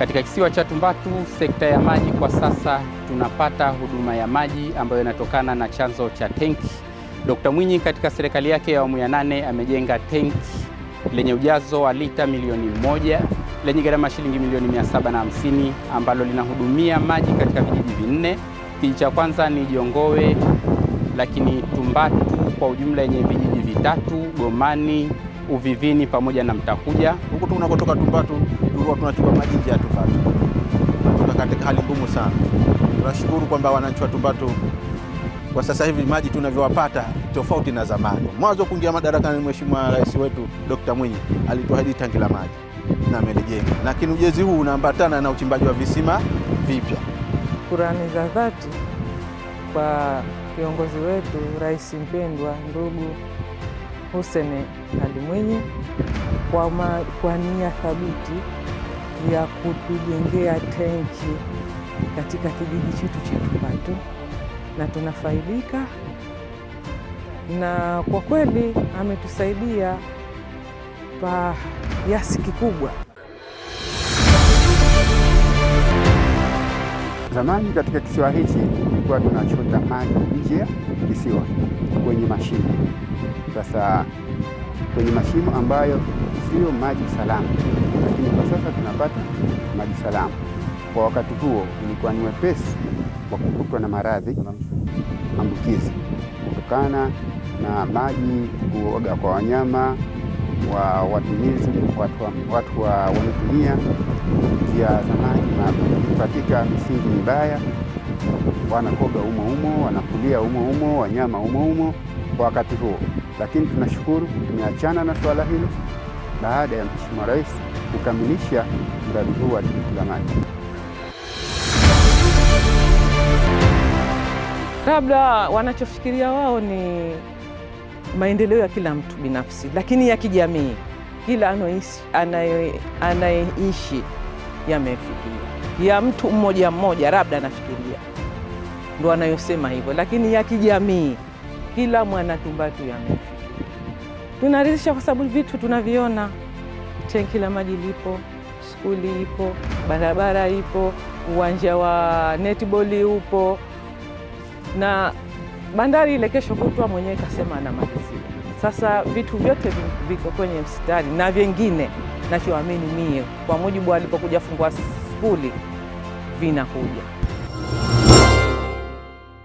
Katika kisiwa cha Tumbatu, sekta ya maji kwa sasa tunapata huduma ya maji ambayo inatokana na chanzo cha tenki. Dkt. Mwinyi katika serikali yake ya awamu ya nane amejenga tenki lenye ujazo wa lita milioni moja lenye gharama shilingi milioni 750 ambalo linahudumia maji katika vijiji vinne. Kijiji cha kwanza ni Jongowe, lakini Tumbatu kwa ujumla yenye vijiji vitatu Gomani Uvivini pamoja na Mtakuja. Huku tunakotoka Tumbatu tulikuwa tunachukua maji nje ya Tumbatu, tunatoka katika hali ngumu sana. Tunashukuru kwamba wananchi wa Tumbatu kwa sasa hivi maji tunavyowapata tofauti na zamani. Mwanzo kuingia madarakani, Mheshimiwa Rais wetu Dr. Mwinyi alituahidi tangi la maji na amelijenga, lakini ujenzi huu unaambatana na uchimbaji wa visima vipya. kurani za dhati kwa kiongozi wetu Rais mpendwa ndugu Hussein Ali Mwinyi kwa, ma, kwa nia thabiti ya kutujengea tenki katika kijiji chetu cha Tumbatu na tunafaidika, na kwa kweli ametusaidia pa kiasi kikubwa. Zamani katika kisiwa hichi tulikuwa tunachota maji nje ya kisiwa kwenye mashimo. Sasa kwenye mashimo ambayo sio maji salama, lakini kwa sasa tunapata maji salama. Kwa wakati huo ilikuwa ni wepesi wa kukutwa na maradhi ambukizi kutokana na maji kuoga kwa wanyama wa watumizi watu, watu wa wanatumia njia za maji katika misingi mibaya wanakoga umo umo, wanakulia umo umo, wanyama umo umo kwa wakati huo. Lakini tunashukuru tumeachana na swala hilo baada ya Mheshimiwa Rais kukamilisha mradi huu wa dimbwi la maji. Labda wanachofikiria wao ni maendeleo ya kila mtu binafsi, lakini ya kijamii, kila anayeishi yamefikiria, ya mtu mmoja mmoja labda anafikiria ndo anayosema hivyo, lakini ya kijamii, kila mwana Tumbatu yamefikia. Tunaridhisha kwa sababu vitu tunaviona, tenki la maji lipo, skuli ipo, barabara ipo, uwanja wa netball upo, na bandari ile kesho kutwa mwenyewe kasema anamalizia. Sasa vitu vyote viko kwenye mstari na vyengine nachoamini mie, kwa mujibu alipokuja fungua skuli vinakuja.